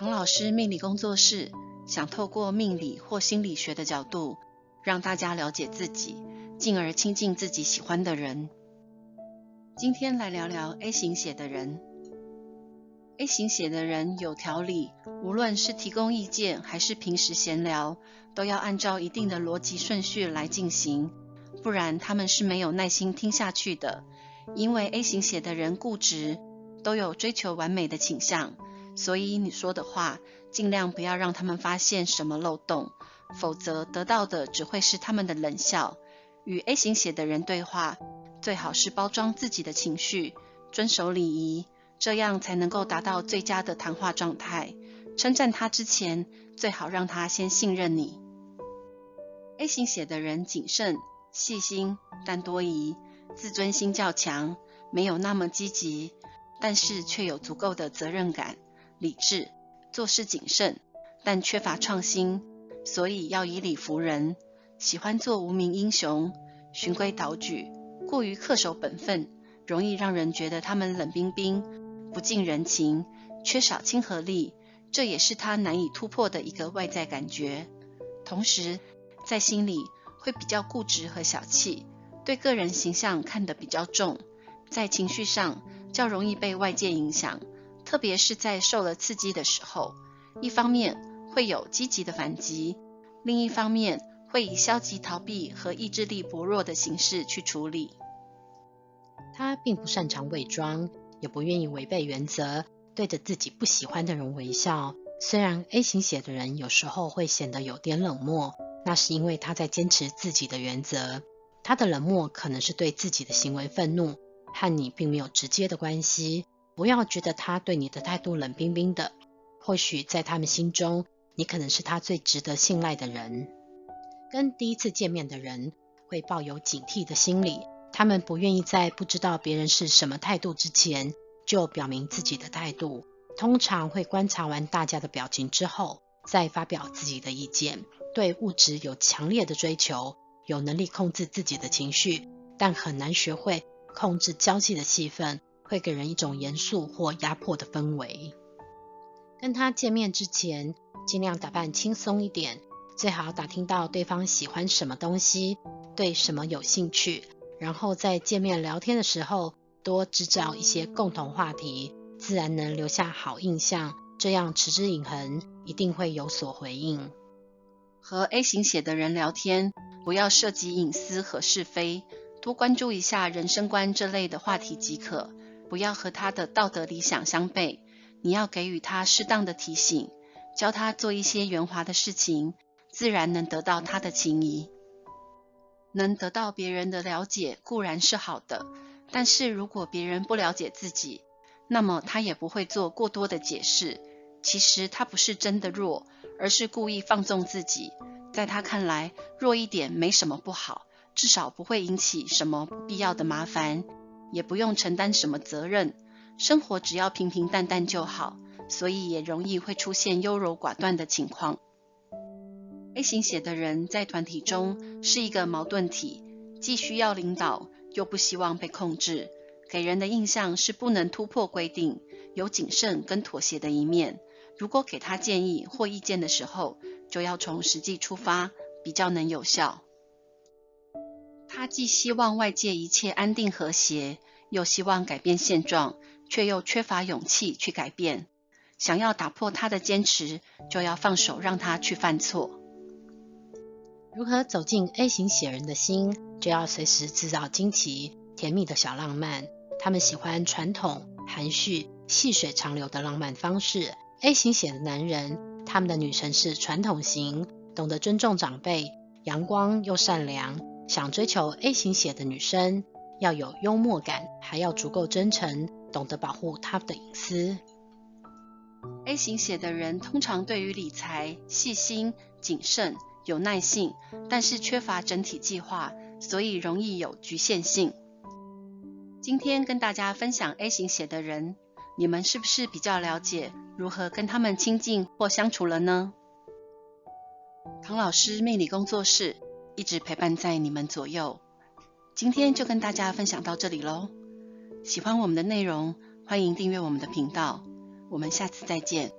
唐老師命理工作室想透過命理或心理學的角度，讓大家了解自己，進而親近自己喜歡的人。今天來聊聊 A 型血的人。A 型血的人有條理，無論是提供意見還是平時閒聊，都要按照一定的邏輯順序來進行，不然他們是沒有耐心聽下去的。因為 A 型血的人固執，都有追求完美的傾向。所以你說的話盡量不要讓他們發現什麼漏洞，否則得到的只會是他們的冷笑。與 A 型血的人對話，最好是包裝自己的情緒，遵守禮儀，這樣才能夠達到最佳的談話狀態。稱讚他之前，最好讓他先信任你。A 型血的人謹慎、細心，但多疑，自尊心較強，沒有那麼積極，但是卻有足夠的責任感。理智，做事謹慎，但缺乏創新，所以要以理服人。喜歡做無名英雄，循規蹈矩，過於恪守本分，容易讓人覺得他們冷冰冰，不近人情，缺少親和力。這也是他難以突破的一個外在感覺。同時，在心裡會比較固執和小氣，對個人形象看得比較重，在情緒上較容易被外界影響。特別是在受了刺激的時候，一方面會有積極的反擊，另一方面會以消極逃避和意志力薄弱的形式去處理。他並不擅長偽裝，也不願意違背原則，對着自己不喜歡的人微笑。雖然 A 型血的人有時候會顯得有點冷漠，那是因為他在堅持自己的原則。他的冷漠可能是對自己的行為憤怒，和你並沒有直接的關係。不要覺得他對你的態度冷冰冰的，或許在他們心中，你可能是他最值得信賴的人。跟第一次見面的人會抱有警惕的心理，他們不願意在不知道別人是什麼態度之前就表明自己的態度。通常會觀察完大家的表情之後，再發表自己的意見。對物質有強烈的追求，有能力控制自己的情緒，但很難學會控制交際的氣氛。會給人一種嚴肅或壓迫的氛圍。跟他見面之前，盡量打扮輕鬆一點，最好打聽到對方喜歡什麼東西，對什麼有興趣，然後在見面聊天的時候，多製造一些共同話題，自然能留下好印象。這樣持之以恆，一定會有所回應。和 A 型血的人聊天，不要涉及隱私和是非，多關注一下人生觀這類的話題即可。不要和他的道德理想相悖，你要給予他適當的提醒，教他做一些圓滑的事情，自然能得到他的情誼。能得到別人的了解固然是好的，但是如果別人不了解自己，那麼他也不會做過多的解釋。其實他不是真的弱，而是故意放縱自己。在他看來，弱一點沒什麼不好，至少不會引起什麼不必要的麻煩。也不用承擔什麼責任，生活只要平平淡淡就好，所以也容易會出現優柔寡斷的情況。A 型血的人在團體中是一個矛盾體，既需要領導，又不希望被控制，給人的印象是不能突破規定，有謹慎跟妥協的一面。如果給他建議或意見的時候，就要從實際出發，比較能有效。他既希望外界一切安定和諧，又希望改變現狀，卻又缺乏勇氣去改變。想要打破他的堅持，就要放手讓他去犯錯。如何走進 A 型血人的心，就要隨時制造驚奇、甜蜜的小浪漫。他們喜歡傳統、含蓄、細水長流的浪漫方式。A 型血的男人，他們的女神是傳統型，懂得尊重長輩，陽光又善良。想追求 A 型血的女生，要有幽默感，還要足夠真誠，懂得保護她的隱私。A 型血的人通常對於理財、細心、謹慎、有耐性，但是缺乏整體計劃，所以容易有局限性。今天跟大家分享 A 型血的人，你們是不是比較了解如何跟他們親近或相處了呢？唐老師命理工作室。一直陪伴在你們左右，今天就跟大家分享到這裡嘍。喜歡我們的內容，歡迎訂閱我們的頻道。我們下次再見。